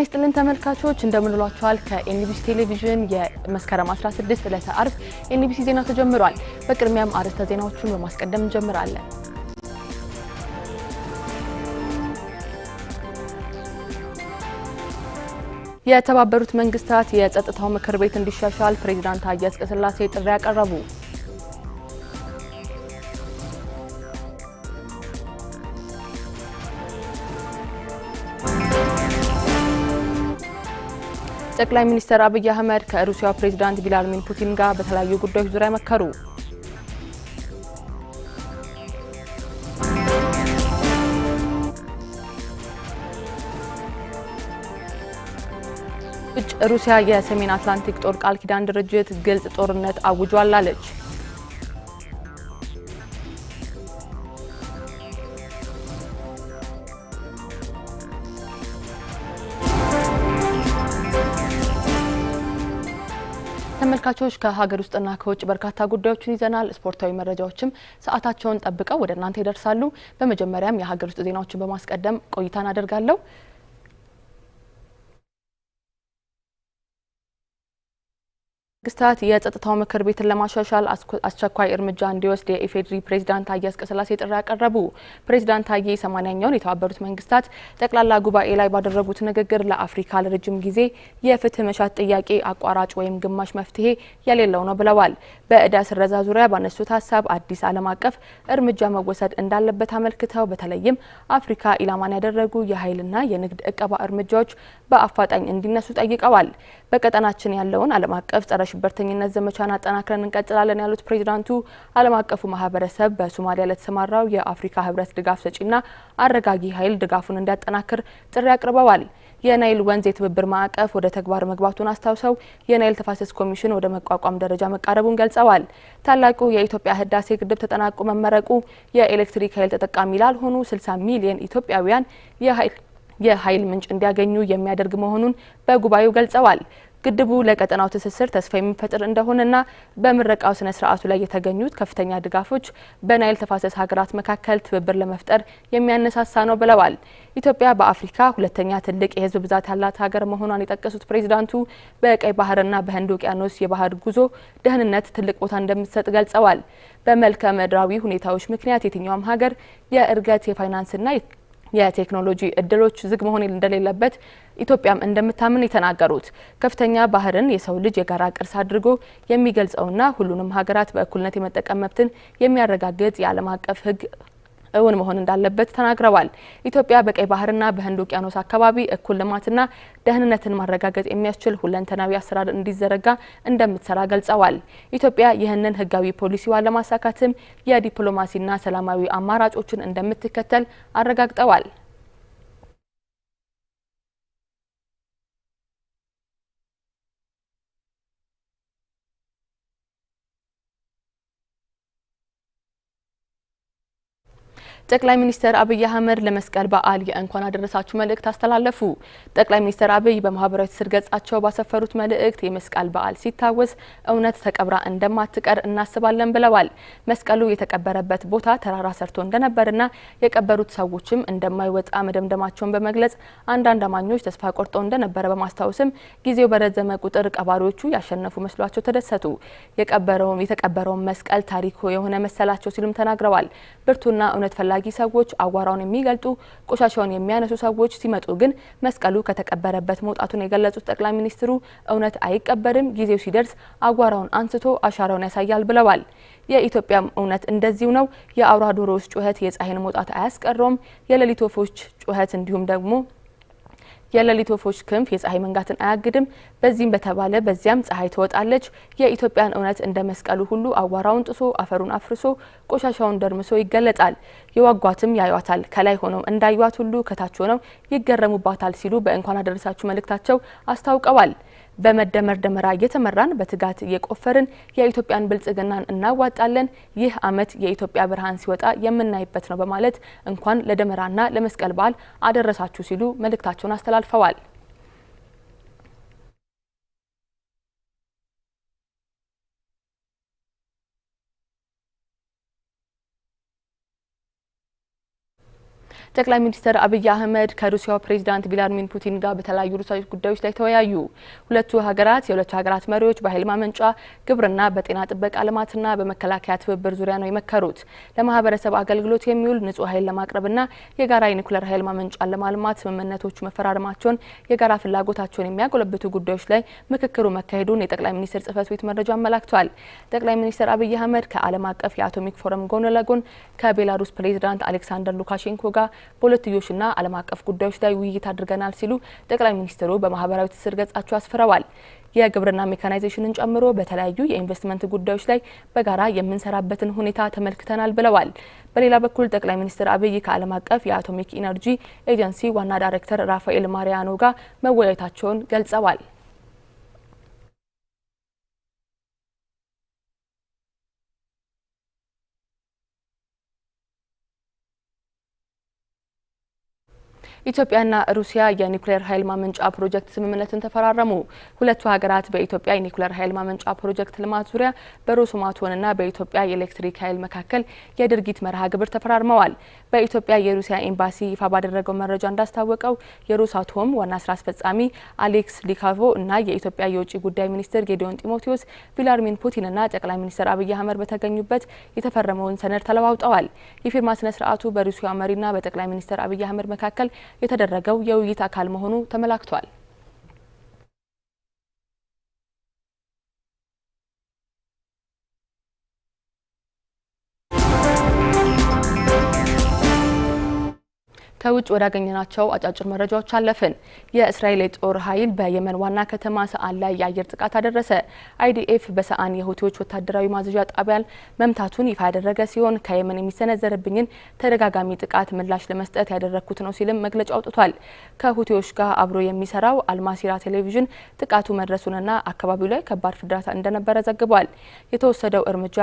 ጤና ይስጥልን ተመልካቾች እንደምንሏቸዋል። ከኤንቢሲ ቴሌቪዥን የመስከረም 16 ዕለተ አርብ ኤንቢሲ ዜና ተጀምሯል። በቅድሚያም አርዕስተ ዜናዎቹን በማስቀደም እንጀምራለን። የተባበሩት መንግስታት የጸጥታው ምክር ቤት እንዲሻሻል ፕሬዚዳንት አያስቀስላሴ ጥሪ ያቀረቡ ጠቅላይ ሚኒስትር አብይ አህመድ ከሩሲያው ፕሬዚዳንት ቭላድሚር ፑቲን ጋር በተለያዩ ጉዳዮች ዙሪያ መከሩ። ሩሲያ የሰሜን አትላንቲክ ጦር ቃል ኪዳን ድርጅት ግልጽ ጦርነት አውጇል አለች። ተመልካቾች ከሀገር ውስጥና ከውጭ በርካታ ጉዳዮችን ይዘናል። ስፖርታዊ መረጃዎችም ሰዓታቸውን ጠብቀው ወደ እናንተ ይደርሳሉ። በመጀመሪያም የሀገር ውስጥ ዜናዎችን በማስቀደም ቆይታ እናደርጋለሁ። መንግስታት የጸጥታው ምክር ቤትን ለማሻሻል አስቸኳይ እርምጃ እንዲወስድ የኢፌዴሪ ፕሬዚዳንት ታዬ አጽቀሥላሴ ጥሪ አቀረቡ። ፕሬዚዳንት ታዬ ሰማንያኛውን የተባበሩት መንግስታት ጠቅላላ ጉባኤ ላይ ባደረጉት ንግግር ለአፍሪካ ለረጅም ጊዜ የፍትህ መሻት ጥያቄ አቋራጭ ወይም ግማሽ መፍትሄ የሌለው ነው ብለዋል። በእዳ ስረዛ ዙሪያ ባነሱት ሀሳብ አዲስ ዓለም አቀፍ እርምጃ መወሰድ እንዳለበት አመልክተው በተለይም አፍሪካ ኢላማን ያደረጉ የኃይልና የንግድ እቀባ እርምጃዎች በአፋጣኝ እንዲነሱ ጠይቀዋል። በቀጠናችን ያለውን ዓለም አቀፍ ጸረ የሽብርተኝነት ዘመቻን አጠናክረን እንቀጥላለን ያሉት ፕሬዚዳንቱ ዓለም አቀፉ ማህበረሰብ በሶማሊያ ለተሰማራው የአፍሪካ ህብረት ድጋፍ ሰጪና አረጋጊ ኃይል ድጋፉን እንዲያጠናክር ጥሪ አቅርበዋል። የናይል ወንዝ የትብብር ማዕቀፍ ወደ ተግባር መግባቱን አስታውሰው የናይል ተፋሰስ ኮሚሽን ወደ መቋቋም ደረጃ መቃረቡን ገልጸዋል። ታላቁ የኢትዮጵያ ህዳሴ ግድብ ተጠናቆ መመረቁ የኤሌክትሪክ ኃይል ተጠቃሚ ላልሆኑ 60 ሚሊዮን ኢትዮጵያውያን የኃይል ምንጭ እንዲያገኙ የሚያደርግ መሆኑን በጉባኤው ገልጸዋል። ግድቡ ለቀጠናው ትስስር ተስፋ የሚፈጥር እንደሆነና በምረቃው ስነ ስርዓቱ ላይ የተገኙት ከፍተኛ ድጋፎች በናይል ተፋሰስ ሀገራት መካከል ትብብር ለመፍጠር የሚያነሳሳ ነው ብለዋል። ኢትዮጵያ በአፍሪካ ሁለተኛ ትልቅ የህዝብ ብዛት ያላት ሀገር መሆኗን የጠቀሱት ፕሬዚዳንቱ በቀይ ባህርና በህንድ ውቅያኖስ የባህር ጉዞ ደህንነት ትልቅ ቦታ እንደምትሰጥ ገልጸዋል። በመልከ ምድራዊ ሁኔታዎች ምክንያት የትኛውም ሀገር የእድገት የፋይናንስና የቴክኖሎጂ እድሎች ዝግ መሆን እንደሌለበት ኢትዮጵያም እንደምታምን የተናገሩት ከፍተኛ ባህርን የሰው ልጅ የጋራ ቅርስ አድርጎ የሚገልጸውና ሁሉንም ሀገራት በእኩልነት የመጠቀም መብትን የሚያረጋግጥ የዓለም አቀፍ ሕግ እውን መሆን እንዳለበት ተናግረዋል። ኢትዮጵያ በቀይ ባህርና በህንድ ውቅያኖስ አካባቢ እኩል ልማትና ደህንነትን ማረጋገጥ የሚያስችል ሁለንተናዊ አሰራር እንዲዘረጋ እንደምትሰራ ገልጸዋል። ኢትዮጵያ ይህንን ህጋዊ ፖሊሲዋን ለማሳካትም የዲፕሎማሲና ሰላማዊ አማራጮችን እንደምትከተል አረጋግጠዋል። ጠቅላይ ሚኒስትር አብይ አህመድ ለመስቀል በዓል የእንኳን አደረሳችሁ መልእክት አስተላለፉ። ጠቅላይ ሚኒስትር አብይ በማህበራዊ ትስስር ገጻቸው ባሰፈሩት መልእክት የመስቀል በዓል ሲታወስ እውነት ተቀብራ እንደማትቀር እናስባለን ብለዋል። መስቀሉ የተቀበረበት ቦታ ተራራ ሰርቶ እንደነበርና የቀበሩት ሰዎችም እንደማይወጣ መደምደማቸውን በመግለጽ አንዳንድ አማኞች ተስፋ ቆርጠው እንደነበረ በማስታወስም ጊዜው በረዘመ ቁጥር ቀባሪዎቹ ያሸነፉ መስሏቸው ተደሰቱ። የተቀበረውን መስቀል ታሪክ የሆነ መሰላቸው ሲሉም ተናግረዋል። ብርቱና እውነት ፈላጊ ጠራጊ ሰዎች፣ አቧራውን የሚገልጡ ቆሻሻውን የሚያነሱ ሰዎች ሲመጡ ግን መስቀሉ ከተቀበረበት መውጣቱን የገለጹት ጠቅላይ ሚኒስትሩ እውነት አይቀበርም፣ ጊዜው ሲደርስ አጓራውን አንስቶ አሻራውን ያሳያል ብለዋል። የኢትዮጵያም እውነት እንደዚሁ ነው። የአውራ ዶሮዎች ጩኸት የፀሐይን መውጣት አያስቀረውም። የሌሊት ወፎች ጩኸት እንዲሁም ደግሞ የሌሊት ወፎች ክንፍ የፀሐይ መንጋትን አያግድም። በዚህም በተባለ በዚያም ፀሐይ ትወጣለች። የኢትዮጵያን እውነት እንደ መስቀሉ ሁሉ አዋራውን ጥሶ አፈሩን አፍርሶ ቆሻሻውን ደርምሶ ይገለጣል። የዋጓትም ያዩዋታል። ከላይ ሆነው እንዳዩዋት ሁሉ ከታች ሆነው ይገረሙባታል ሲሉ በእንኳን አደረሳችሁ መልእክታቸው አስታውቀዋል። በመደመር ደመራ እየተመራን በትጋት እየቆፈርን የኢትዮጵያን ብልጽግናን እናዋጣለን። ይህ ዓመት የኢትዮጵያ ብርሃን ሲወጣ የምናይበት ነው በማለት እንኳን ለደመራና ለመስቀል በዓል አደረሳችሁ ሲሉ መልእክታቸውን አስተላልፈዋል። ጠቅላይ ሚኒስትር አብይ አህመድ ከሩሲያው ፕሬዚዳንት ቪላድሚር ፑቲን ጋር በተለያዩ ርዕሰ ጉዳዮች ላይ ተወያዩ። ሁለቱ ሀገራት የሁለቱ ሀገራት መሪዎች በኃይል ማመንጫ፣ ግብርና፣ በጤና ጥበቃ ልማትና በመከላከያ ትብብር ዙሪያ ነው የመከሩት። ለማህበረሰብ አገልግሎት የሚውል ንጹህ ኃይል ለማቅረብና የጋራ የኒኩለር ኃይል ማመንጫን ለማልማት ስምምነቶቹ መፈራረማቸውን የጋራ ፍላጎታቸውን የሚያጎለብቱ ጉዳዮች ላይ ምክክሩ መካሄዱን የጠቅላይ ሚኒስትር ጽህፈት ቤት መረጃ አመላክቷል። ጠቅላይ ሚኒስትር አብይ አህመድ ከዓለም አቀፍ የአቶሚክ ፎረም ጎን ለጎን ከቤላሩስ ፕሬዚዳንት አሌክሳንደር ሉካሼንኮ ጋር በሁለትዮሽና ዓለም አቀፍ ጉዳዮች ላይ ውይይት አድርገናል ሲሉ ጠቅላይ ሚኒስትሩ በማህበራዊ ትስስር ገጻቸው አስፍረዋል። የግብርና ሜካናይዜሽንን ጨምሮ በተለያዩ የኢንቨስትመንት ጉዳዮች ላይ በጋራ የምንሰራበትን ሁኔታ ተመልክተናል ብለዋል። በሌላ በኩል ጠቅላይ ሚኒስትር አብይ ከዓለም አቀፍ የአቶሚክ ኢነርጂ ኤጀንሲ ዋና ዳይሬክተር ራፋኤል ማሪያኖ ጋር መወያየታቸውን ገልጸዋል። ኢትዮጵያና ሩሲያ የኒውክሌር ኃይል ማመንጫ ፕሮጀክት ስምምነትን ተፈራረሙ። ሁለቱ ሀገራት በኢትዮጵያ የኒውክሌር ኃይል ማመንጫ ፕሮጀክት ልማት ዙሪያ በሮሶማቶንና በኢትዮጵያ የኤሌክትሪክ ኃይል መካከል የድርጊት መርሃ ግብር ተፈራርመዋል። በኢትዮጵያ የሩሲያ ኤምባሲ ይፋ ባደረገው መረጃ እንዳስታወቀው የሮሳቶም ዋና ስራ አስፈጻሚ አሌክስ ሊካቮ እና የኢትዮጵያ የውጭ ጉዳይ ሚኒስትር ጌዲዮን ጢሞቴዎስ ቪላድሚር ፑቲንና ጠቅላይ ሚኒስትር አብይ አህመድ በተገኙበት የተፈረመውን ሰነድ ተለዋውጠዋል። የፊርማ ስነ ስርዓቱ በሩሲያ መሪና በጠቅላይ ሚኒስትር አብይ አህመድ መካከል የተደረገው የውይይት አካል መሆኑ ተመላክቷል። ከውጭ ወዳገኘናቸው አጫጭር መረጃዎች አለፍን። የእስራኤል የጦር ኃይል በየመን ዋና ከተማ ሰአን ላይ የአየር ጥቃት አደረሰ። አይዲኤፍ በሰአን የሁቲዎች ወታደራዊ ማዘዣ ጣቢያን መምታቱን ይፋ ያደረገ ሲሆን ከየመን የሚሰነዘርብኝን ተደጋጋሚ ጥቃት ምላሽ ለመስጠት ያደረግኩት ነው ሲልም መግለጫ አውጥቷል። ከሁቲዎች ጋር አብሮ የሚሰራው አልማሲራ ቴሌቪዥን ጥቃቱ መድረሱንና አካባቢው ላይ ከባድ ፍንዳታ እንደነበረ ዘግቧል። የተወሰደው እርምጃ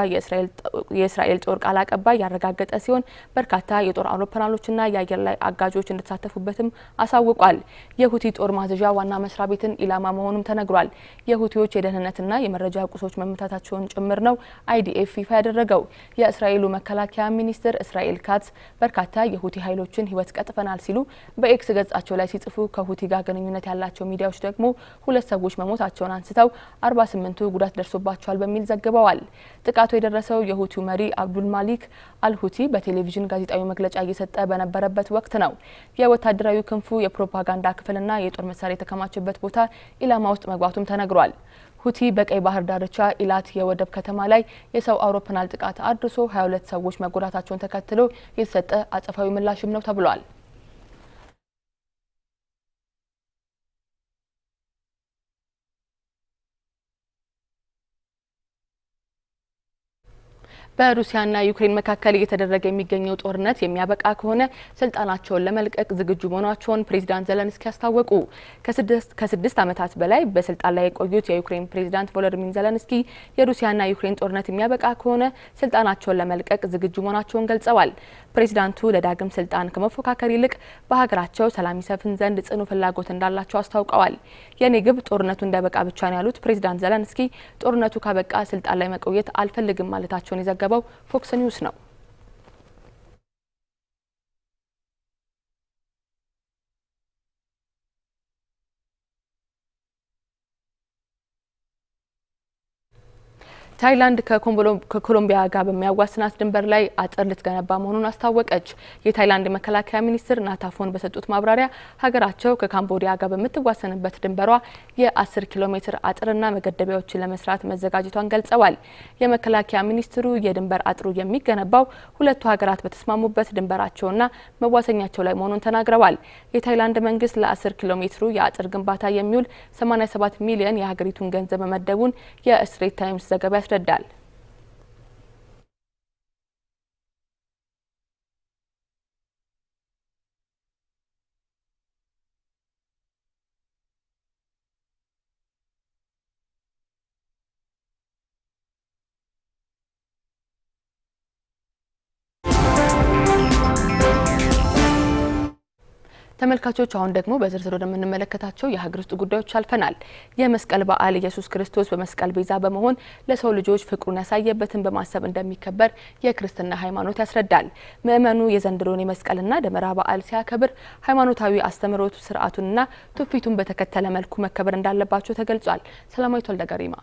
የእስራኤል ጦር ቃል አቀባይ ያረጋገጠ ሲሆን በርካታ የጦር አውሮፕላኖችና የአየር ላይ አጋዦች እንደተሳተፉበትም አሳውቋል። የሁቲ ጦር ማዘዣ ዋና መስሪያ ቤትን ኢላማ መሆኑም ተነግሯል። የሁቲዎች የደህንነትና የመረጃ ቁሶች መምታታቸውን ጭምር ነው አይዲኤፍ ይፋ ያደረገው። የእስራኤሉ መከላከያ ሚኒስትር እስራኤል ካትስ በርካታ የሁቲ ኃይሎችን ሕይወት ቀጥፈናል ሲሉ በኤክስ ገጻቸው ላይ ሲጽፉ ከሁቲ ጋር ግንኙነት ያላቸው ሚዲያዎች ደግሞ ሁለት ሰዎች መሞታቸውን አንስተው አርባ ስምንቱ ጉዳት ደርሶባቸዋል በሚል ዘግበዋል። ጥቃቱ የደረሰው የሁቲው መሪ አብዱል ማሊክ አልሁቲ በቴሌቪዥን ጋዜጣዊ መግለጫ እየሰጠ በነበረበት ወቅት ነው። የወታደራዊ ክንፉ የፕሮፓጋንዳ ክፍልና የጦር መሳሪያ የተከማቸበት ቦታ ኢላማ ውስጥ መግባቱም ተነግሯል። ሁቲ በቀይ ባህር ዳርቻ ኢላት የወደብ ከተማ ላይ የሰው አውሮፕላን ጥቃት አድርሶ 22 ሰዎች መጎዳታቸውን ተከትሎ የተሰጠ አጸፋዊ ምላሽም ነው ተብሏል። በሩሲያና ዩክሬን መካከል እየተደረገ የሚገኘው ጦርነት የሚያበቃ ከሆነ ስልጣናቸውን ለመልቀቅ ዝግጁ መሆናቸውን ፕሬዚዳንት ዘለንስኪ አስታወቁ። ከስድስት ዓመታት በላይ በስልጣን ላይ የቆዩት የዩክሬን ፕሬዚዳንት ቮሎዲሚር ዘለንስኪ የሩሲያና ዩክሬን ጦርነት የሚያበቃ ከሆነ ስልጣናቸውን ለመልቀቅ ዝግጁ መሆናቸውን ገልጸዋል። ፕሬዚዳንቱ ለዳግም ስልጣን ከመፎካከር ይልቅ በሀገራቸው ሰላም ይሰፍን ዘንድ ጽኑ ፍላጎት እንዳላቸው አስታውቀዋል። የኔ ግብ ጦርነቱ እንዳይበቃ ብቻ ነው ያሉት ፕሬዚዳንት ዘለንስኪ ጦርነቱ ካበቃ ስልጣን ላይ መቆየት አልፈልግም ማለታቸውን ይዘገባል። ዘገባው ፎክስ ኒውስ ነው። ታይላንድ ከኮሎምቢያ ጋር በሚያዋስናት ድንበር ላይ አጥር ልትገነባ መሆኑን አስታወቀች። የታይላንድ መከላከያ ሚኒስትር ናታፎን በሰጡት ማብራሪያ ሀገራቸው ከካምቦዲያ ጋር በምትዋሰንበት ድንበሯ የ10 ኪሎ ሜትር አጥርና መገደቢያዎችን ለመስራት መዘጋጀቷን ገልጸዋል። የመከላከያ ሚኒስትሩ የድንበር አጥሩ የሚገነባው ሁለቱ ሀገራት በተስማሙበት ድንበራቸውና መዋሰኛቸው ላይ መሆኑን ተናግረዋል። የታይላንድ መንግስት ለ10 ኪሎ ሜትሩ የአጥር ግንባታ የሚውል 87 ሚሊዮን የሀገሪቱን ገንዘብ መመደቡን የስትሬት ታይምስ ዘገባ left at Dal. ተመልካቾች አሁን ደግሞ በዝርዝር ወደምንመለከታቸው የሀገር ውስጥ ጉዳዮች አልፈናል። የመስቀል በዓል ኢየሱስ ክርስቶስ በመስቀል ቤዛ በመሆን ለሰው ልጆች ፍቅሩን ያሳየበትን በማሰብ እንደሚከበር የክርስትና ሃይማኖት ያስረዳል። ምእመኑ የዘንድሮን የመስቀልና ደመራ በዓል ሲያከብር ሃይማኖታዊ አስተምህሮቱ ስርዓቱንና ትውፊቱን በተከተለ መልኩ መከበር እንዳለባቸው ተገልጿል። ሰላማዊት ወልደገሪማ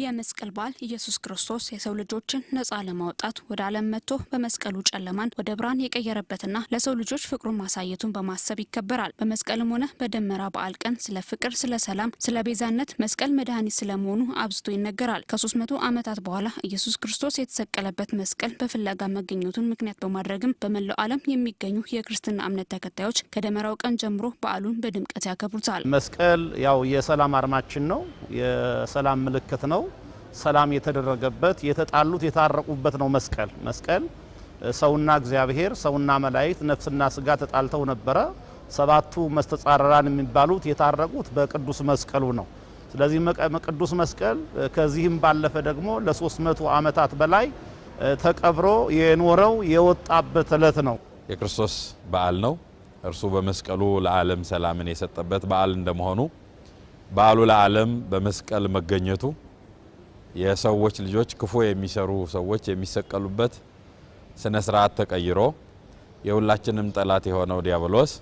የመስቀል በዓል ኢየሱስ ክርስቶስ የሰው ልጆችን ነፃ ለማውጣት ወደ ዓለም መጥቶ በመስቀሉ ጨለማን ወደ ብርሃን የቀየረበትና ለሰው ልጆች ፍቅሩን ማሳየቱን በማሰብ ይከበራል። በመስቀልም ሆነ በደመራ በዓል ቀን ስለ ፍቅር፣ ስለ ሰላም፣ ስለ ቤዛነት መስቀል መድኃኒት ስለመሆኑ አብዝቶ ይነገራል። ከሶስት መቶ ዓመታት በኋላ ኢየሱስ ክርስቶስ የተሰቀለበት መስቀል በፍለጋ መገኘቱን ምክንያት በማድረግም በመላው ዓለም የሚገኙ የክርስትና እምነት ተከታዮች ከደመራው ቀን ጀምሮ በዓሉን በድምቀት ያከብሩታል። መስቀል ያው የሰላም አርማችን ነው፣ የሰላም ምልክት ነው። ሰላም የተደረገበት የተጣሉት የታረቁበት ነው መስቀል። መስቀል ሰውና እግዚአብሔር ሰውና መላእክት ነፍስና ስጋ ተጣልተው ነበረ። ሰባቱ መስተጻረራን የሚባሉት የታረቁት በቅዱስ መስቀሉ ነው። ስለዚህ ቅዱስ መስቀል ከዚህም ባለፈ ደግሞ ለሶስት መቶ ዓመታት በላይ ተቀብሮ የኖረው የወጣበት ዕለት ነው። የክርስቶስ በዓል ነው። እርሱ በመስቀሉ ለዓለም ሰላምን የሰጠበት በዓል እንደመሆኑ በዓሉ ለዓለም በመስቀል መገኘቱ የሰዎች ልጆች ክፉ የሚሰሩ ሰዎች የሚሰቀሉበት ስነ ስርዓት ተቀይሮ የሁላችንም ጠላት የሆነው ዲያብሎስ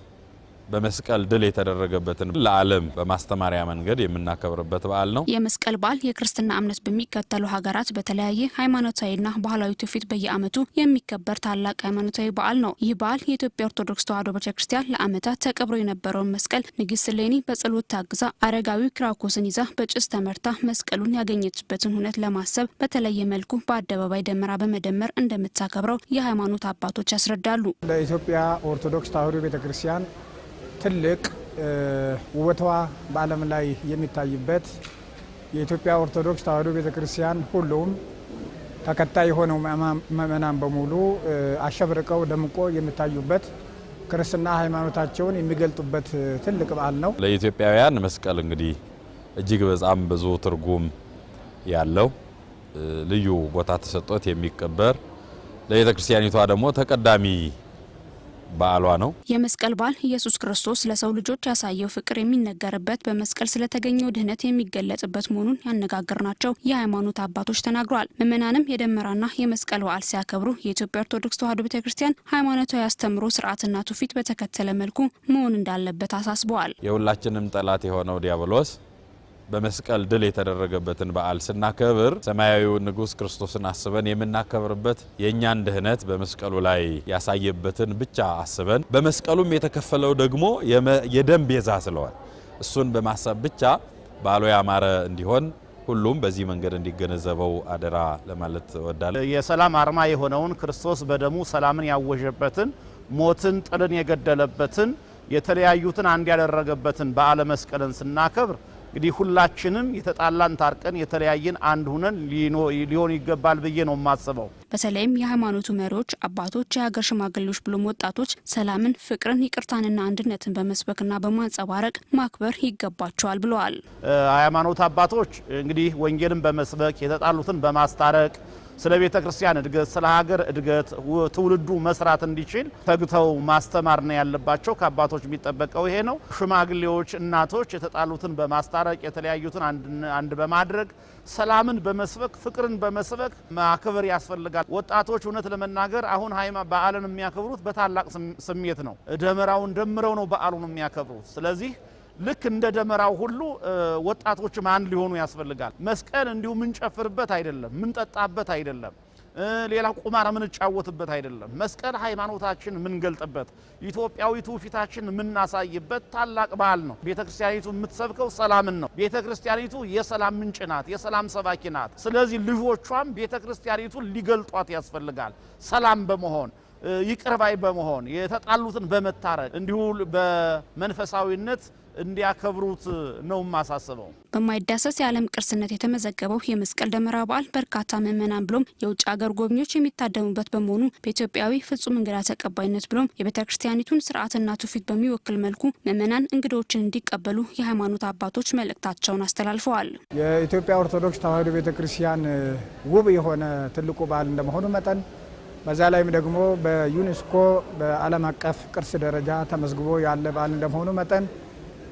በመስቀል ድል የተደረገበትን ለዓለም በማስተማሪያ መንገድ የምናከብርበት በዓል ነው። የመስቀል በዓል የክርስትና እምነት በሚከተሉ ሀገራት በተለያየ ሃይማኖታዊና ባህላዊ ትውፊት በየዓመቱ የሚከበር ታላቅ ሃይማኖታዊ በዓል ነው። ይህ በዓል የኢትዮጵያ ኦርቶዶክስ ተዋሕዶ ቤተክርስቲያን ለዓመታት ተቀብሮ የነበረውን መስቀል ንግሥት ሌኒ በጸሎት ታግዛ አረጋዊ ክራኮስን ይዛ በጭስ ተመርታ መስቀሉን ያገኘችበትን ሁነት ለማሰብ በተለየ መልኩ በአደባባይ ደመራ በመደመር እንደምታከብረው የሃይማኖት አባቶች ያስረዳሉ። ለኢትዮጵያ ኦርቶዶክስ ተዋሕዶ ቤተክርስቲያን ትልቅ ውበቷ በዓለም ላይ የሚታይበት የኢትዮጵያ ኦርቶዶክስ ተዋሕዶ ቤተክርስቲያን ሁሉም ተከታይ የሆነው ምእመናን በሙሉ አሸብርቀው ደምቆ የሚታዩበት ክርስትና ሃይማኖታቸውን የሚገልጡበት ትልቅ በዓል ነው። ለኢትዮጵያውያን መስቀል እንግዲህ እጅግ በጣም ብዙ ትርጉም ያለው ልዩ ቦታ ተሰጥቶት የሚቀበር ለቤተክርስቲያኒቷ ደግሞ ተቀዳሚ በዓሏ ነው። የመስቀል በዓል ኢየሱስ ክርስቶስ ለሰው ልጆች ያሳየው ፍቅር የሚነገርበት በመስቀል ስለተገኘው ድህነት የሚገለጽበት መሆኑን ያነጋገርናቸው የሃይማኖት አባቶች ተናግረዋል። ምዕመናንም የደመራና የመስቀል በዓል ሲያከብሩ የኢትዮጵያ ኦርቶዶክስ ተዋሕዶ ቤተ ክርስቲያን ሃይማኖታዊ አስተምሮ ስርዓትና ትውፊት በተከተለ መልኩ መሆን እንዳለበት አሳስበዋል። የሁላችንም ጠላት የሆነው ዲያብሎስ በመስቀል ድል የተደረገበትን በዓል ስናከብር ሰማያዊው ንጉሥ ክርስቶስን አስበን የምናከብርበት የእኛን ድህነት በመስቀሉ ላይ ያሳየበትን ብቻ አስበን በመስቀሉም የተከፈለው ደግሞ የደም ቤዛ ስለሆነ እሱን በማሰብ ብቻ በዓሉ ያማረ እንዲሆን ሁሉም በዚህ መንገድ እንዲገነዘበው አደራ ለማለት እወዳለሁ። የሰላም አርማ የሆነውን ክርስቶስ በደሙ ሰላምን ያወጀበትን፣ ሞትን፣ ጥልን የገደለበትን፣ የተለያዩትን አንድ ያደረገበትን በዓለ መስቀልን ስናከብር እንግዲህ ሁላችንም የተጣላን ታርቀን የተለያየን አንድ ሁነን ሊሆን ይገባል ብዬ ነው የማስበው። በተለይም የሃይማኖቱ መሪዎች፣ አባቶች፣ የሀገር ሽማግሌዎች ብሎም ወጣቶች ሰላምን፣ ፍቅርን፣ ይቅርታንና አንድነትን በመስበክና በማንጸባረቅ ማክበር ይገባቸዋል ብለዋል። ሃይማኖት አባቶች እንግዲህ ወንጌልን በመስበክ የተጣሉትን በማስታረቅ ስለ ቤተ ክርስቲያን እድገት፣ ስለ ሀገር እድገት ትውልዱ መስራት እንዲችል ተግተው ማስተማር ነው ያለባቸው። ከአባቶች የሚጠበቀው ይሄ ነው። ሽማግሌዎች፣ እናቶች የተጣሉትን በማስታረቅ የተለያዩትን አንድ በማድረግ ሰላምን በመስበክ ፍቅርን በመስበክ ማክበር ያስፈልጋል። ወጣቶች እውነት ለመናገር አሁን ሃይማ በዓልን የሚያከብሩት በታላቅ ስሜት ነው። ደመራውን ደምረው ነው በዓሉን የሚያከብሩት። ስለዚህ ልክ እንደ ደመራው ሁሉ ወጣቶችም አንድ ሊሆኑ ያስፈልጋል። መስቀል እንዲሁ የምንጨፍርበት አይደለም፣ ምንጠጣበት አይደለም፣ ሌላ ቁማር ምንጫወትበት አይደለም። መስቀል ሃይማኖታችን የምንገልጥበት፣ ኢትዮጵያዊ ትውፊታችን የምናሳይበት ታላቅ በዓል ነው። ቤተ ክርስቲያኒቱ የምትሰብከው ሰላምን ነው። ቤተ ክርስቲያኒቱ የሰላም ምንጭ ናት፣ የሰላም ሰባኪ ናት። ስለዚህ ልጆቿም ቤተ ክርስቲያኒቱን ሊገልጧት ያስፈልጋል ሰላም በመሆን ይቅርባይ በመሆን የተጣሉትን በመታረቅ እንዲሁ በመንፈሳዊነት እንዲያከብሩት ነው የማሳስበው። በማይዳሰስ የዓለም ቅርስነት የተመዘገበው የመስቀል ደመራ በዓል በርካታ ምዕመናን ብሎም የውጭ ሀገር ጎብኚዎች የሚታደሙበት በመሆኑ በኢትዮጵያዊ ፍጹም እንግዳ ተቀባይነት ብሎም የቤተ ክርስቲያኒቱን ስርዓትና ትውፊት በሚወክል መልኩ ምዕመናን እንግዶችን እንዲቀበሉ የሃይማኖት አባቶች መልእክታቸውን አስተላልፈዋል። የኢትዮጵያ ኦርቶዶክስ ተዋሕዶ ቤተ ክርስቲያን ውብ የሆነ ትልቁ በዓል እንደመሆኑ መጠን በዛ ላይም ደግሞ በዩኔስኮ በዓለም አቀፍ ቅርስ ደረጃ ተመዝግቦ ያለ በዓል እንደመሆኑ መጠን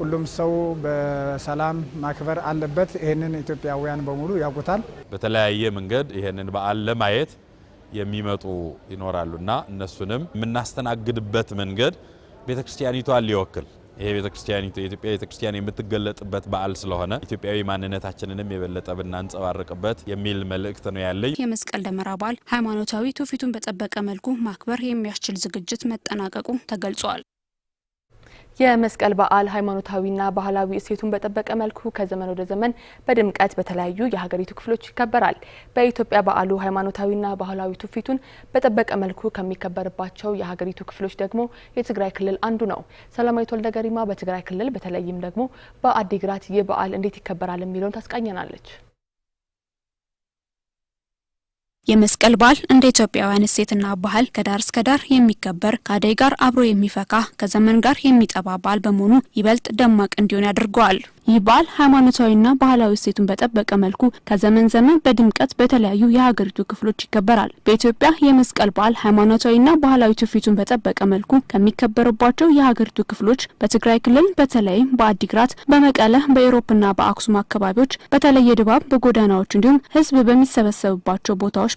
ሁሉም ሰው በሰላም ማክበር አለበት። ይህንን ኢትዮጵያውያን በሙሉ ያውቁታል። በተለያየ መንገድ ይህንን በዓል ለማየት የሚመጡ ይኖራሉና እነሱንም የምናስተናግድበት መንገድ ቤተ ክርስቲያኒቷን ሊወክል ይሄ ቤተ ክርስቲያኒቱ የኢትዮጵያ ቤተ ክርስቲያን የምትገለጥበት በዓል ስለሆነ ኢትዮጵያዊ ማንነታችንንም የበለጠ ብናንጸባርቅበት የሚል መልእክት ነው ያለኝ። የመስቀል ደመራ በዓል ሃይማኖታዊ ትውፊቱን በጠበቀ መልኩ ማክበር የሚያስችል ዝግጅት መጠናቀቁ ተገልጿል። የመስቀል በዓል ሃይማኖታዊና ባህላዊ እሴቱን በጠበቀ መልኩ ከዘመን ወደ ዘመን በድምቀት በተለያዩ የሀገሪቱ ክፍሎች ይከበራል። በኢትዮጵያ በዓሉ ሃይማኖታዊና ባህላዊ ትውፊቱን በጠበቀ መልኩ ከሚከበርባቸው የሀገሪቱ ክፍሎች ደግሞ የትግራይ ክልል አንዱ ነው። ሰላማዊት ወልደ ገሪማ በትግራይ ክልል በተለይም ደግሞ በአዲግራት ይህ በዓል እንዴት ይከበራል የሚለውን ታስቃኘናለች። የመስቀል በዓል እንደ ኢትዮጵያውያን እሴትና ባህል ከዳር እስከ ዳር የሚከበር ከአደይ ጋር አብሮ የሚፈካ ከዘመን ጋር የሚጠባ በዓል በመሆኑ ይበልጥ ደማቅ እንዲሆን ያደርገዋል። ይህ በዓል ሃይማኖታዊና ባህላዊ እሴቱን በጠበቀ መልኩ ከዘመን ዘመን በድምቀት በተለያዩ የሀገሪቱ ክፍሎች ይከበራል። በኢትዮጵያ የመስቀል በዓል ሃይማኖታዊና ባህላዊ ትውፊቱን በጠበቀ መልኩ ከሚከበሩባቸው የሀገሪቱ ክፍሎች በትግራይ ክልል በተለይም በአዲግራት፣ በመቀለ፣ በኢሮፕና በአክሱም አካባቢዎች በተለየ ድባብ በጎዳናዎች እንዲሁም ህዝብ በሚሰበሰብባቸው ቦታዎች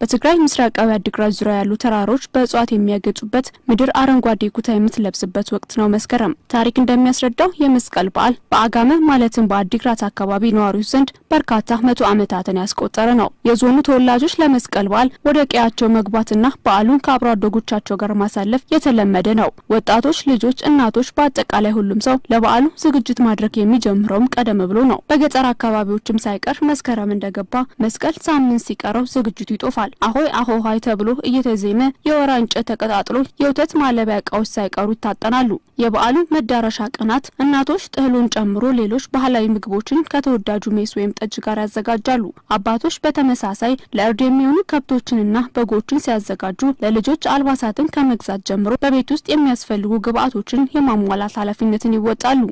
በትግራይ ምስራቃዊ አዲግራት ዙሪያ ያሉ ተራሮች በእጽዋት የሚያገጹበት ምድር አረንጓዴ ኩታ የምትለብስበት ወቅት ነው መስከረም። ታሪክ እንደሚያስረዳው የመስቀል በዓል በአጋመ ማለትም በአዲግራት አካባቢ ነዋሪዎች ዘንድ በርካታ መቶ ዓመታትን ያስቆጠረ ነው። የዞኑ ተወላጆች ለመስቀል በዓል ወደ ቀያቸው መግባትና በዓሉን ከአብሮ አደጎቻቸው ጋር ማሳለፍ የተለመደ ነው። ወጣቶች፣ ልጆች፣ እናቶች በአጠቃላይ ሁሉም ሰው ለበዓሉ ዝግጅት ማድረግ የሚጀምረውም ቀደም ብሎ ነው። በገጠር አካባቢዎችም ሳይቀር መስከረም እንደገባ መስቀል ሳምንት ሲቀረው ዝግጅቱ ይጦፋል። ተጠቅመዋል። አሆይ አሆኋይ ተብሎ እየተዜመ የወራ እንጨት ተቀጣጥሎ የወተት ማለቢያ እቃዎች ሳይቀሩ ይታጠናሉ። የበዓሉ መዳረሻ ቀናት እናቶች ጥህሉን ጨምሮ ሌሎች ባህላዊ ምግቦችን ከተወዳጁ ሜስ ወይም ጠጅ ጋር ያዘጋጃሉ። አባቶች በተመሳሳይ ለእርድ የሚሆኑ ከብቶችንና በጎችን ሲያዘጋጁ ለልጆች አልባሳትን ከመግዛት ጀምሮ በቤት ውስጥ የሚያስፈልጉ ግብዓቶችን የማሟላት ኃላፊነትን ይወጣሉ።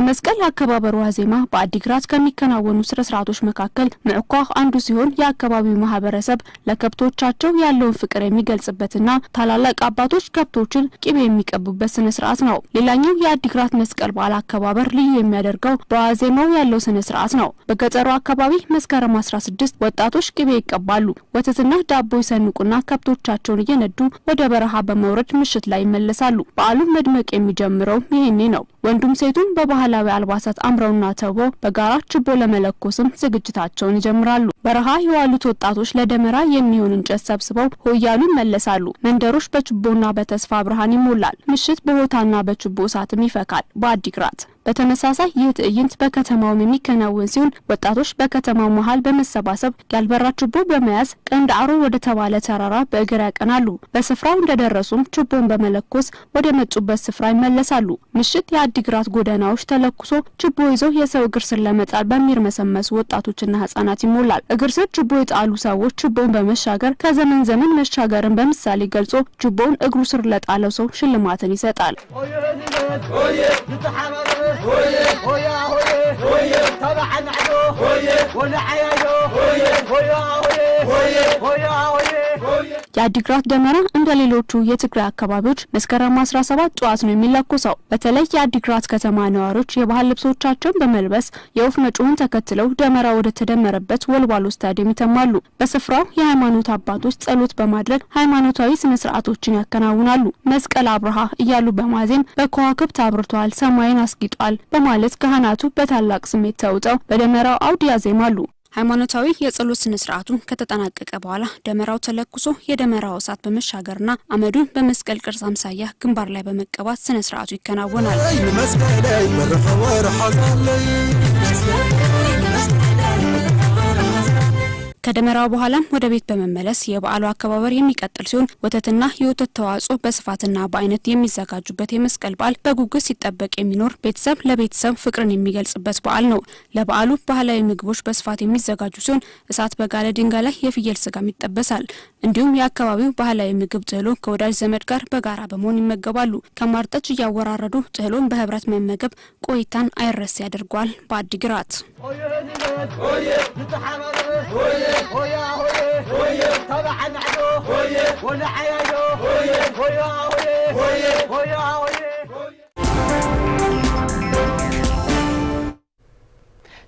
በመስቀል አከባበሩ ዋዜማ በአዲግራት ከሚከናወኑ ስርዓቶች መካከል ምዕኳ አንዱ ሲሆን የአካባቢው ማህበረሰብ ለከብቶቻቸው ያለውን ፍቅር የሚገልጽበትና ታላላቅ አባቶች ከብቶችን ቅቤ የሚቀቡበት ስነስርዓት ነው። ሌላኛው የአዲግራት መስቀል በዓል አከባበር ልዩ የሚያደርገው በዋዜማው ያለው ስነስርዓት ነው። በገጠሩ አካባቢ መስከረም 16 ወጣቶች ቅቤ ይቀባሉ። ወተትና ዳቦ ይሰንቁና ከብቶቻቸውን እየነዱ ወደ በረሃ በመውረድ ምሽት ላይ ይመለሳሉ። በዓሉ መድመቅ የሚጀምረው ይህኔ ነው። ወንዱም ሴቱም በባህላዊ አልባሳት አምረውና ተውበው በጋራ ችቦ ለመለኮስም ዝግጅታቸውን ይጀምራሉ። በረሃ የዋሉት ወጣቶች ለደመራ የሚሆን እንጨት ሰብስበው ሆያሉ ይመለሳሉ። መንደሮች በችቦና በተስፋ ብርሃን ይሞላል። ምሽት በሆታና በችቦ እሳትም ይፈካል። በአዲግራት በተመሳሳይ ይህ ትዕይንት በከተማውም የሚከናወን ሲሆን ወጣቶች በከተማው መሀል በመሰባሰብ ያልበራ ችቦ በመያዝ ቀንድ አሮ ወደ ተባለ ተራራ በእግር ያቀናሉ። በስፍራው እንደደረሱም ችቦን በመለኮስ ወደ መጡበት ስፍራ ይመለሳሉ። ምሽት የአዲግራት ጎዳናዎች ተለኩሶ ችቦ ይዘው የሰው እግር ስር ለመጣል በሚርመሰመሱ ወጣቶችና ህጻናት ይሞላል። እግር ስር ችቦ የጣሉ ሰዎች ችቦውን በመሻገር ከዘመን ዘመን መሻገርን በምሳሌ ገልጾ ችቦውን እግሩ ስር ለጣለው ሰው ሽልማትን ይሰጣል። የአዲግራት ደመራ እንደ ሌሎቹ የትግራይ አካባቢዎች መስከረም 17 ጠዋት ነው የሚለኮሰው። በተለይ የአዲግራት ከተማ ነዋሪዎች የባህል ልብሶቻቸውን በመልበስ የወፍ መጮህን ተከትለው ደመራ ወደ ተደመረበት ወልዋሎ ስታዲየም ይተማሉ። በስፍራው የሃይማኖት አባቶች ጸሎት በማድረግ ሃይማኖታዊ ስነ ስርዓቶችን ያከናውናሉ። መስቀል አብርሃ እያሉ በማዜም በከዋክብት አብርቷል፣ ሰማይን አስጊጧል በማለት ካህናቱ በታላቅ ስሜት ተውጠው በደመራው አውድ ያዜማሉ። ሃይማኖታዊ የጸሎት ስነ ስርዓቱ ከተጠናቀቀ በኋላ ደመራው ተለኩሶ የደመራው እሳት በመሻገርና አመዱን በመስቀል ቅርጽ አምሳያ ግንባር ላይ በመቀባት ስነ ስርዓቱ ይከናወናል። ከደመራው በኋላም ወደ ቤት በመመለስ የበዓሉ አከባበር የሚቀጥል ሲሆን ወተትና የወተት ተዋጽኦ በስፋትና በአይነት የሚዘጋጁበት የመስቀል በዓል በጉጉት ሲጠበቅ የሚኖር ቤተሰብ ለቤተሰብ ፍቅርን የሚገልጽበት በዓል ነው። ለበዓሉ ባህላዊ ምግቦች በስፋት የሚዘጋጁ ሲሆን እሳት በጋለ ድንጋይ ላይ የፍየል ስጋም ይጠበሳል። እንዲሁም የአካባቢው ባህላዊ ምግብ ጥህሎ ከወዳጅ ዘመድ ጋር በጋራ በመሆን ይመገባሉ። ከማርጠጭ እያወራረዱ ጥህሎን በህብረት መመገብ ቆይታን አይረሴ ያደርገዋል። በአዲግራት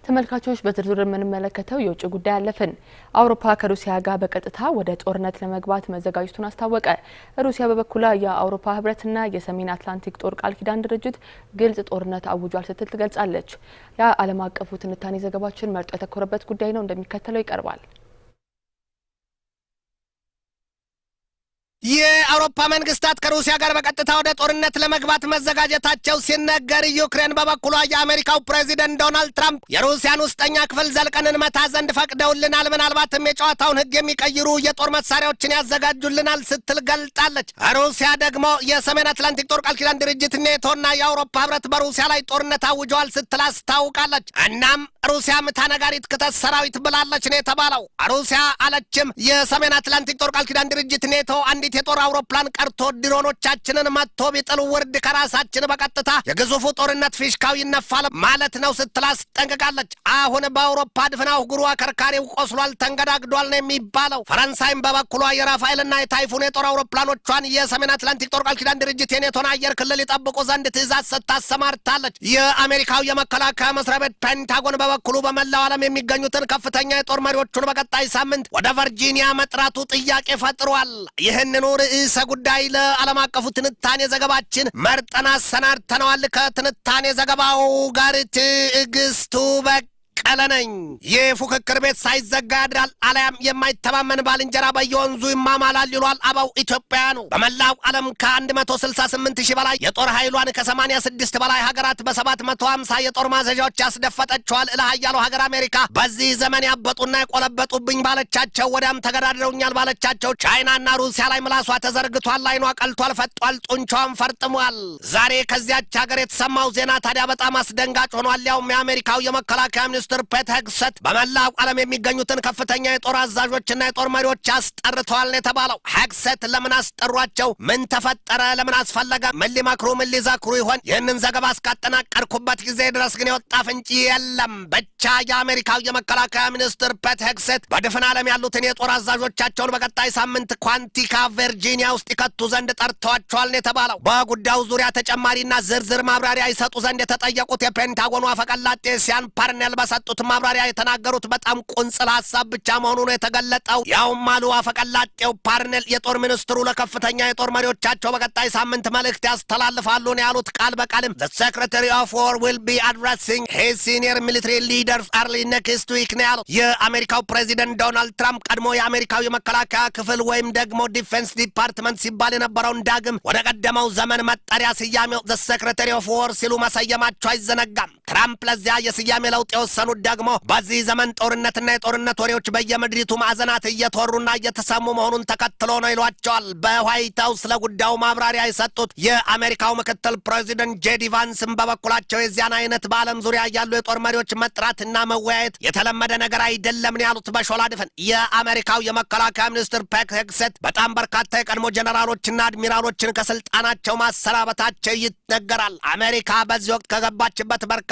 ተመልካቾች በዝርዝር የምንመለከተው የውጭ ጉዳይ አለፍን። አውሮፓ ከሩሲያ ጋር በቀጥታ ወደ ጦርነት ለመግባት መዘጋጀቱን አስታወቀ። ሩሲያ በበኩሏ የአውሮፓ ህብረትና የሰሜን አትላንቲክ ጦር ቃል ኪዳን ድርጅት ግልጽ ጦርነት አውጇል ስትል ትገልጻለች። የዓለም አቀፉ ትንታኔ ዘገባችን መርጦ የተኮረበት ጉዳይ ነው፣ እንደሚከተለው ይቀርባል። የአውሮፓ መንግስታት ከሩሲያ ጋር በቀጥታ ወደ ጦርነት ለመግባት መዘጋጀታቸው ሲነገር ዩክሬን በበኩሏ የአሜሪካው ፕሬዚደንት ዶናልድ ትራምፕ የሩሲያን ውስጠኛ ክፍል ዘልቀን እንመታ ዘንድ ፈቅደውልናል፣ ምናልባትም የጨዋታውን ሕግ የሚቀይሩ የጦር መሳሪያዎችን ያዘጋጁልናል ስትል ገልጣለች። ሩሲያ ደግሞ የሰሜን አትላንቲክ ጦር ቃል ኪዳን ድርጅት ኔቶና የአውሮፓ ህብረት በሩሲያ ላይ ጦርነት አውጀዋል ስትል አስታውቃለች። እናም ሩሲያ ምታ ነጋሪት ክተት ሰራዊት ብላለች ነው የተባለው። ሩሲያ አለችም የሰሜን አትላንቲክ ጦር ቃል ኪዳን ድርጅት ኔቶ አንዲት ጥቂት የጦር አውሮፕላን ቀርቶ ድሮኖቻችንን መጥቶ ቢጥል ውርድ ከራሳችን በቀጥታ የግዙፉ ጦርነት ፊሽካው ይነፋል ማለት ነው ስትል አስጠንቅቃለች። አሁን በአውሮፓ ድፍና አህጉሩ አከርካሪው ቆስሏል፣ ተንገዳግዷል ነው የሚባለው። ፈረንሳይም በበኩሏ የራፋኤልና የታይፉን የጦር አውሮፕላኖቿን የሰሜን አትላንቲክ ጦር ቃል ኪዳን ድርጅት የኔቶን አየር ክልል ይጠብቁ ዘንድ ትእዛዝ ስታሰማርታለች። የአሜሪካው የመከላከያ መስሪያ ቤት ፔንታጎን በበኩሉ በመላው ዓለም የሚገኙትን ከፍተኛ የጦር መሪዎቹን በቀጣይ ሳምንት ወደ ቨርጂኒያ መጥራቱ ጥያቄ ፈጥሯል። ይህንን ይህንኑ ርዕሰ ጉዳይ ለዓለም አቀፉ ትንታኔ ዘገባችን መርጠን አሰናድተነዋል። ከትንታኔ ዘገባው ጋር ትዕግስቱ በቅ በቀለ ነኝ። ይህ ፉክክር ቤት ሳይዘጋ ያድራል፣ አለያም የማይተማመን ባልንጀራ በየወንዙ ይማማላል ይሏል አበው ነው። በመላው ዓለም ከ168 ሺህ በላይ የጦር ኃይሏን ከ86 በላይ ሀገራት በ750 የጦር ማዘዣዎች ያስደፈጠችዋል እልህ ኃያሉ ሀገር አሜሪካ በዚህ ዘመን ያበጡና የቆለበጡብኝ ባለቻቸው ወዲያም ተገዳድረውኛል ባለቻቸው ቻይናና ሩሲያ ላይ ምላሷ ተዘርግቷል፣ አይኗ ቀልቷል፣ ፈጧል፣ ጡንቻዋን ፈርጥሟል። ዛሬ ከዚያች ሀገር የተሰማው ዜና ታዲያ በጣም አስደንጋጭ ሆኗል። ያውም የአሜሪካው የመከላከያ ሚኒስትሩ ሚኒስትር ፔት በመላው ዓለም የሚገኙትን ከፍተኛ የጦር አዛዦችና የጦር መሪዎች አስጠርተዋል ነው የተባለው። ሄግሴት ለምን አስጠሯቸው? ምን ተፈጠረ? ለምን አስፈለገ? ምን ሊመክሩ ምን ሊዘክሩ ይሆን? ይህንን ዘገባ እስካጠናቀርኩበት ጊዜ ድረስ ግን የወጣ ፍንጭ የለም። ብቻ የአሜሪካው የመከላከያ ሚኒስትር ፔት ሄግሴት በድፍን ዓለም ያሉትን የጦር አዛዦቻቸውን በቀጣይ ሳምንት ኳንቲካ ቨርጂኒያ ውስጥ ይከቱ ዘንድ ጠርተዋቸዋል ነው የተባለው። በጉዳዩ ዙሪያ ተጨማሪና ዝርዝር ማብራሪያ ይሰጡ ዘንድ የተጠየቁት የፔንታጎኑ አፈቀላጤ ሲያን ፓርኔል በሰ በሰጡት ማብራሪያ የተናገሩት በጣም ቁንጽል ሀሳብ ብቻ መሆኑ ነው የተገለጠው። ያውም አሉ አፈቀላጤው ፓርኔል የጦር ሚኒስትሩ ለከፍተኛ የጦር መሪዎቻቸው በቀጣይ ሳምንት መልእክት ያስተላልፋሉ ነው ያሉት ቃል በቃልም ዘ ሴክሬታሪ ኦፍ ዎር ዊል ቢ አድረሲንግ ሄ ሲኒየር ሚሊትሪ ሊደርስ አርሊ ኔክስት ዊክ ነው ያሉት። የአሜሪካው ፕሬዚደንት ዶናልድ ትራምፕ ቀድሞ የአሜሪካው የመከላከያ ክፍል ወይም ደግሞ ዲፌንስ ዲፓርትመንት ሲባል የነበረውን ዳግም ወደ ቀደመው ዘመን መጠሪያ ስያሜው ዘ ሴክሬታሪ ኦፍ ዎር ሲሉ መሰየማቸው አይዘነጋም። ትራምፕ ለዚያ የስያሜ ለውጥ የወሰኑ የገጠሙት ደግሞ በዚህ ዘመን ጦርነትና የጦርነት ወሬዎች በየምድሪቱ ማዕዘናት እየተወሩና እየተሰሙ መሆኑን ተከትሎ ነው ይሏቸዋል። በዋይት ሀውስ ለጉዳዩ ማብራሪያ የሰጡት የአሜሪካው ምክትል ፕሬዚደንት ጄዲ ቫንስም በበኩላቸው የዚያን አይነት በዓለም ዙሪያ ያሉ የጦር መሪዎች መጥራትና መወያየት የተለመደ ነገር አይደለም ነው ያሉት። በሾላ ድፍን የአሜሪካው የመከላከያ ሚኒስትር ፔክ ሄግሴት በጣም በርካታ የቀድሞ ጀኔራሎችና አድሚራሎችን ከስልጣናቸው ማሰናበታቸው ይነገራል። አሜሪካ በዚህ ወቅት ከገባችበት በርካታ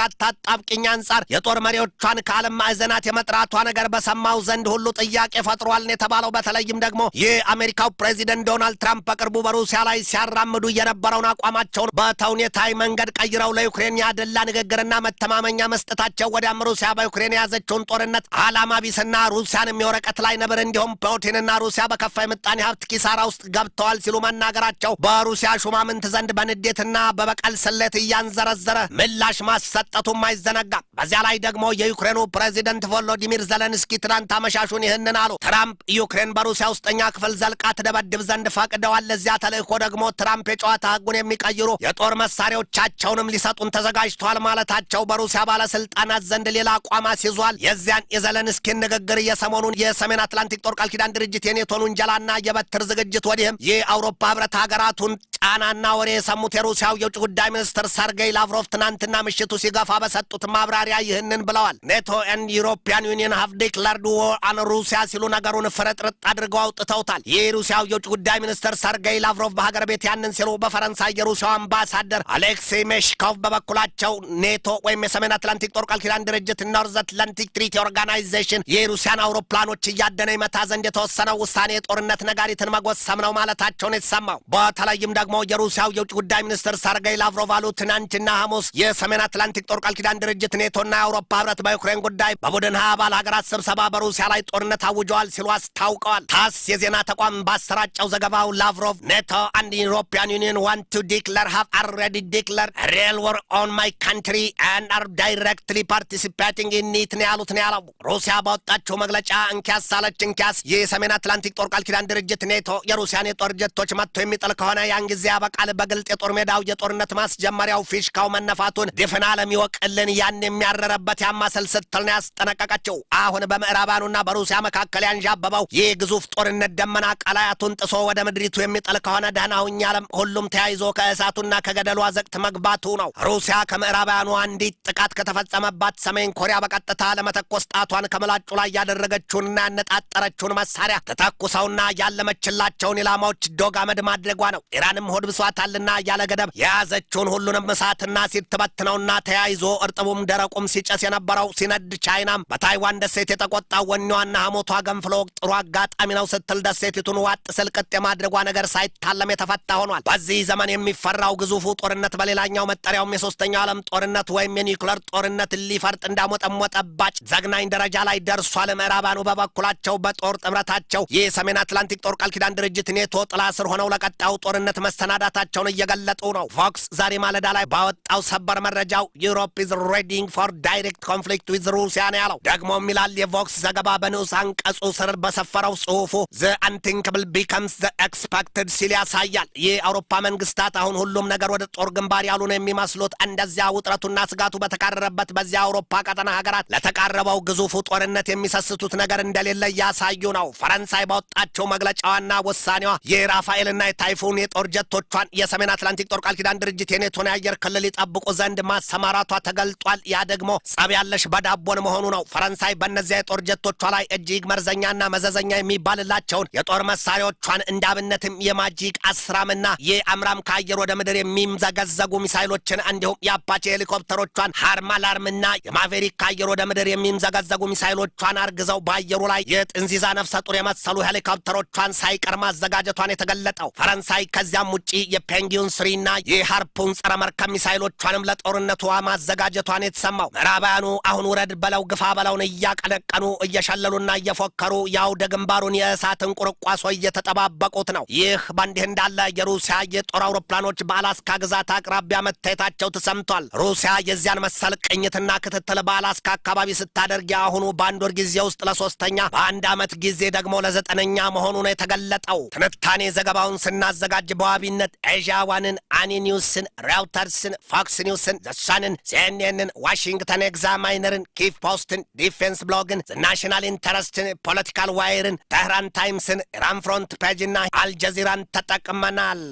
ጣብቅኝ አንጻር የጦር መሪዎች ገበሬዎቿን ከዓለም ማዕዘናት የመጥራቷ ነገር በሰማው ዘንድ ሁሉ ጥያቄ ፈጥሯል የተባለው በተለይም ደግሞ የአሜሪካው ፕሬዚደንት ዶናልድ ትራምፕ በቅርቡ በሩሲያ ላይ ሲያራምዱ የነበረውን አቋማቸውን በተውኔታዊ መንገድ ቀይረው ለዩክሬን ያደላ ንግግርና መተማመኛ መስጠታቸው ወዲያም ሩሲያ በዩክሬን የያዘችውን ጦርነት አላማ ቢስና ሩሲያንም የወረቀት ላይ ነብር እንዲሁም ፑቲንና ሩሲያ በከፋ የምጣኔ ሀብት ኪሳራ ውስጥ ገብተዋል ሲሉ መናገራቸው በሩሲያ ሹማምንት ዘንድ በንዴትና በበቀል ስሌት እያንዘረዘረ ምላሽ ማሰጠቱም አይዘነጋም። በዚያ ላይ ደግሞ የዩክሬኑ ፕሬዚደንት ቮሎዲሚር ዘለንስኪ ትናንት አመሻሹን ይህንን አሉ። ትራምፕ ዩክሬን በሩሲያ ውስጠኛ ክፍል ዘልቃ ትደበድብ ዘንድ ፈቅደዋል። ለዚያ ተልእኮ ደግሞ ትራምፕ የጨዋታ ህጉን የሚቀይሩ የጦር መሳሪያዎቻቸውንም ሊሰጡን ተዘጋጅተዋል ማለታቸው በሩሲያ ባለስልጣናት ዘንድ ሌላ አቋም አስይዟል። የዚያን የዘለንስኪን ንግግር የሰሞኑን የሰሜን አትላንቲክ ጦር ቃል ኪዳን ድርጅት የኔቶን ውንጀላና የበትር ዝግጅት ወዲህም የአውሮፓ ህብረት ሀገራቱን ጫናና ወሬ የሰሙት የሩሲያው የውጭ ጉዳይ ሚኒስትር ሰርጌይ ላቭሮቭ ትናንትና ምሽቱ ሲገፋ በሰጡት ማብራሪያ ይህንን ብለዋል። ኔቶ ኤንድ ዩሮፒያን ዩኒየን ሀቭ ዲክለርድ ዎር አን ሩሲያ ሲሉ ነገሩን ፍርጥርጥ አድርገው አውጥተውታል። ይህ ሩሲያው የውጭ ጉዳይ ሚኒስትር ሰርጌይ ላቭሮቭ በሀገር ቤት ያንን ሲሉ፣ በፈረንሳይ የሩሲያው አምባሳደር አሌክሴይ ሜሽኮቭ በበኩላቸው ኔቶ ወይም የሰሜን አትላንቲክ ጦር ቃል ኪዳን ድርጅት ኖርዝ አትላንቲክ ትሪቲ ኦርጋናይዜሽን የሩሲያን አውሮፕላኖች እያደነ ይመታ ዘንድ የተወሰነው ውሳኔ የጦርነት ነጋሪትን መጎሰም ነው ማለታቸውን የተሰማው በተለይም ደግሞ ደግሞ የሩሲያው የውጭ ጉዳይ ሚኒስትር ሰርገይ ላቭሮቭ አሉ ትናንትና ሐሙስ የሰሜን አትላንቲክ ጦር ቃል ኪዳን ድርጅት ኔቶና የአውሮፓ ህብረት በዩክሬን ጉዳይ በቡድን ሀያ አባል ሀገራት ስብሰባ በሩሲያ ላይ ጦርነት አውጀዋል ሲሉ አስታውቀዋል። ታስ የዜና ተቋም ባሰራጨው ዘገባው ላቭሮቭ ኔቶ አንድ ዩሮፒያን ዩኒየን ዋን ቱ ዲክለር ሃቭ አልሬዲ ዲክለር ሬል ወር ኦን ማይ ካንትሪ ኤንድ አር ዳይሬክትሊ ፓርቲሲፓቲንግ ኢኒት ነው ያሉት ነው ያለው። ሩሲያ ባወጣቸው መግለጫ እንኪያስ አለች እንኪያስ የሰሜን አትላንቲክ ጦር ቃል ኪዳን ድርጅት ኔቶ የሩሲያን የጦር ጀቶች መጥቶ የሚጥል ከሆነ ያን ጊዜ በዚያ በቃል በግልጥ የጦር ሜዳው የጦርነት ማስጀመሪያው ፊሽካው መነፋቱን ድፍን ዓለም ይወቅልን ያን የሚያረረበት ያማስል ስትል ነው ያስጠነቀቀችው። አሁን በምዕራባኑና በሩሲያ መካከል ያንዣበበው ይህ ግዙፍ ጦርነት ደመና ቀላያቱን ጥሶ ወደ ምድሪቱ የሚጠል ከሆነ ደህና ዓለም ሁሉም ተያይዞ ከእሳቱና ከገደሉ አዘቅት መግባቱ ነው። ሩሲያ ከምዕራባኑ አንዲት ጥቃት ከተፈጸመባት ሰሜን ኮሪያ በቀጥታ ለመተኮስ ጣቷን ከምላጩ ላይ ያደረገችውንና ያነጣጠረችውን መሳሪያ ተተኩሰውና ያለመችላቸውን ኢላማዎች ዶግ አመድ ማድረጓ ነው። ኢራንም እርሷም ሆድ ብሷታልና ያለ ገደብ የያዘችውን ሁሉንም እሳትና ሲትበትነውና ተያይዞ እርጥቡም ደረቁም ሲጨስ የነበረው ሲነድ ቻይናም በታይዋን ደሴት የተቆጣው ወኔዋና ሐሞቷ ገንፍሎ ጥሩ አጋጣሚ ነው ስትል ደሴቲቱን ዋጥ ስልቅጥ የማድረጓ ነገር ሳይታለም የተፈታ ሆኗል። በዚህ ዘመን የሚፈራው ግዙፉ ጦርነት በሌላኛው መጠሪያውም የሶስተኛው ዓለም ጦርነት ወይም የኒውክለር ጦርነት ሊፈርጥ እንዳሞጠሞጠባጭ ዘግናኝ ደረጃ ላይ ደርሷል። ምዕራባኑ በበኩላቸው በጦር ጥምረታቸው ይህ ሰሜን አትላንቲክ ጦር ቃል ኪዳን ድርጅት ኔቶ ጥላ ስር ሆነው ለቀጣዩ ጦርነት መስ መሰናዳታቸውን እየገለጡ ነው። ቮክስ ዛሬ ማለዳ ላይ ባወጣው ሰበር መረጃው ዩሮፕ ኢዝ ሬዲንግ ፎር ዳይሬክት ኮንፍሊክት ዊዝ ሩሲያ ነው ያለው። ደግሞም ይላል የቮክስ ዘገባ በንዑስ አንቀጹ ስር በሰፈረው ጽሑፉ ዘ አንቲንክብል ቢከምስ ዘ ኤክስፐክትድ ሲል ያሳያል። የአውሮፓ መንግስታት አሁን ሁሉም ነገር ወደ ጦር ግንባር ያሉ ነው የሚመስሉት። እንደዚያ ውጥረቱና ስጋቱ በተካረረበት በዚያ አውሮፓ ቀጠና ሀገራት ለተቃረበው ግዙፉ ጦርነት የሚሰስቱት ነገር እንደሌለ እያሳዩ ነው። ፈረንሳይ ባወጣቸው መግለጫዋና ውሳኔዋ የራፋኤልና የታይፉን የጦር ጀት በርካቶቿን የሰሜን አትላንቲክ ጦር ቃል ኪዳን ድርጅት የኔቶን የአየር ክልል ይጠብቁ ዘንድ ማሰማራቷ ተገልጧል። ያ ደግሞ ጸብ ያለሽ በዳቦን መሆኑ ነው። ፈረንሳይ በእነዚያ የጦር ጀቶቿ ላይ እጅግ መርዘኛና መዘዘኛ የሚባልላቸውን የጦር መሳሪያዎቿን እንዳብነትም የማጂክ አስራምና የአምራም ከአየር ወደ ምድር የሚምዘገዘጉ ሚሳይሎችን እንዲሁም የአፓቼ ሄሊኮፕተሮቿን ሃርማላርምና የማቬሪክ ከአየር ወደ ምድር የሚምዘገዘጉ ሚሳይሎቿን አርግዘው በአየሩ ላይ የጥንዚዛ ነፍሰ ጡር የመሰሉ ሄሊኮፕተሮቿን ሳይቀር ማዘጋጀቷን የተገለጠው ፈረንሳይ ከዚያም ውጪ የፔንጊውን ስሪና የሃርፑን ጸረ መርከብ ሚሳይሎቿንም ለጦርነቷ ማዘጋጀቷን የተሰማው ምዕራባውያኑ አሁን ውረድ በለው ግፋ በለውን እያቀነቀኑ እየሸለሉና እየፎከሩ የአውደ ግንባሩን የእሳትን ቁርቋሶ እየተጠባበቁት ነው። ይህ በእንዲህ እንዳለ የሩሲያ የጦር አውሮፕላኖች በአላስካ ግዛት አቅራቢያ መታየታቸው ተሰምቷል። ሩሲያ የዚያን መሰል ቅኝትና ክትትል በአላስካ አካባቢ ስታደርግ የአሁኑ በአንድ ወር ጊዜ ውስጥ ለሶስተኛ በአንድ ዓመት ጊዜ ደግሞ ለዘጠነኛ መሆኑ ነው የተገለጠው። ትንታኔ ዘገባውን ስናዘጋጅ በዋ ሰብሳቢነት ኤዣዋንን፣ አኒኒውስን፣ ራውተርስን፣ ፎክስ ኒውስን፣ ዘሳንን፣ ሲኤንኤንን፣ ዋሽንግተን ኤግዛማይነርን፣ ኪፍ ፖስትን፣ ዲፌንስ ብሎግን፣ ናሽናል ኢንተረስትን፣ ፖለቲካል ዋይርን፣ ተህራን ታይምስን፣ ኢራን ፍሮንት ፔጅና አልጀዚራን ተጠቅመናል።